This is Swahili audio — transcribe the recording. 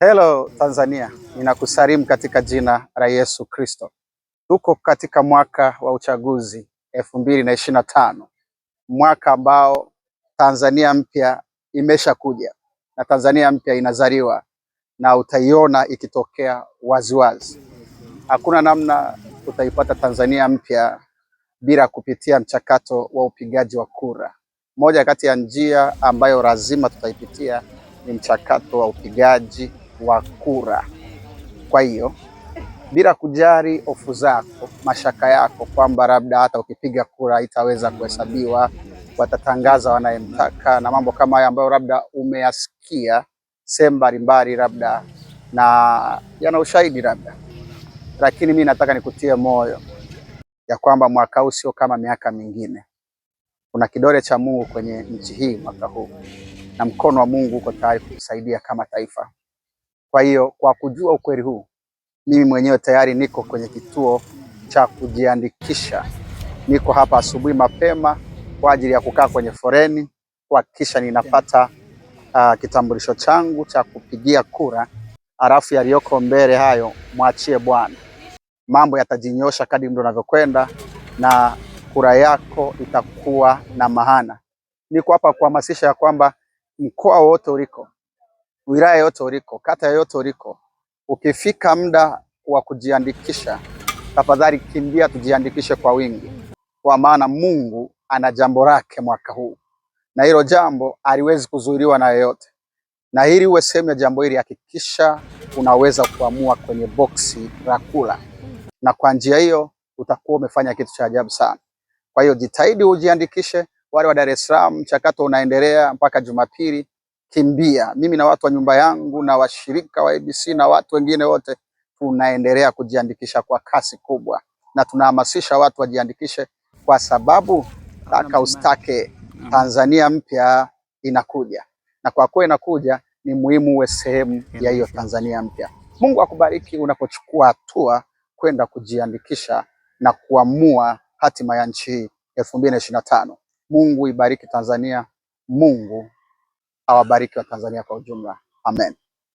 Hello Tanzania, ninakusalimu katika jina la Yesu Kristo. Tuko katika mwaka wa uchaguzi elfu mbili na na tano, mwaka ambao Tanzania mpya imeshakuja na Tanzania mpya inazaliwa na utaiona ikitokea waziwazi. Hakuna namna utaipata Tanzania mpya bila kupitia mchakato wa upigaji wa kura. Moja kati ya njia ambayo lazima tutaipitia ni mchakato wa upigaji wa kura. Kwa hiyo bila kujali hofu zako, mashaka yako kwamba labda hata ukipiga kura itaweza kuhesabiwa, watatangaza wanayemtaka na mambo kama hayo ambayo labda umeyasikia sehemu mbalimbali, labda na yana ushahidi labda, lakini mi nataka nikutie moyo ya kwamba mwaka huu sio kama miaka mingine. Kuna kidole cha Mungu kwenye nchi hii mwaka huu, na mkono wa Mungu uko tayari kutusaidia kama taifa. Kwa hiyo kwa kujua ukweli huu, mimi mwenyewe tayari niko kwenye kituo cha kujiandikisha. Niko hapa asubuhi mapema kwa ajili ya kukaa kwenye foreni kuhakikisha ninapata uh, kitambulisho changu cha kupigia kura, alafu yaliyoko mbele hayo mwachie Bwana. Mambo yatajinyosha kadri mtu anavyokwenda na kura yako itakuwa na maana. Niko hapa kuhamasisha ya kwamba mkoa wote uliko wilaya yote uliko, kata yoyote uliko, ukifika muda wa kujiandikisha, tafadhali kimbia tujiandikishe kwa wingi, kwa maana Mungu ana jambo lake mwaka huu, na hilo jambo haliwezi kuzuiliwa na yeyote. Na hili uwe sehemu ya jambo hili, hakikisha unaweza kuamua kwenye boksi la kula na kwa njia hiyo utakuwa umefanya kitu cha ajabu sana. Kwa hiyo jitahidi ujiandikishe. Wale wa Dar es Salaam, mchakato unaendelea mpaka Jumapili kimbia. Mimi na watu wa nyumba yangu na washirika wa ABC na watu wengine wote tunaendelea kujiandikisha kwa kasi kubwa, na tunahamasisha watu wajiandikishe, kwa sababu taka ustake, Tanzania mpya inakuja, na kwa kuwa inakuja, ni muhimu uwe sehemu ya hiyo Tanzania mpya. Mungu akubariki unapochukua hatua kwenda kujiandikisha na kuamua hatima ya nchi hii elfu Mungu ibariki Tanzania. Mungu awabariki Watanzania kwa ujumla. Amen.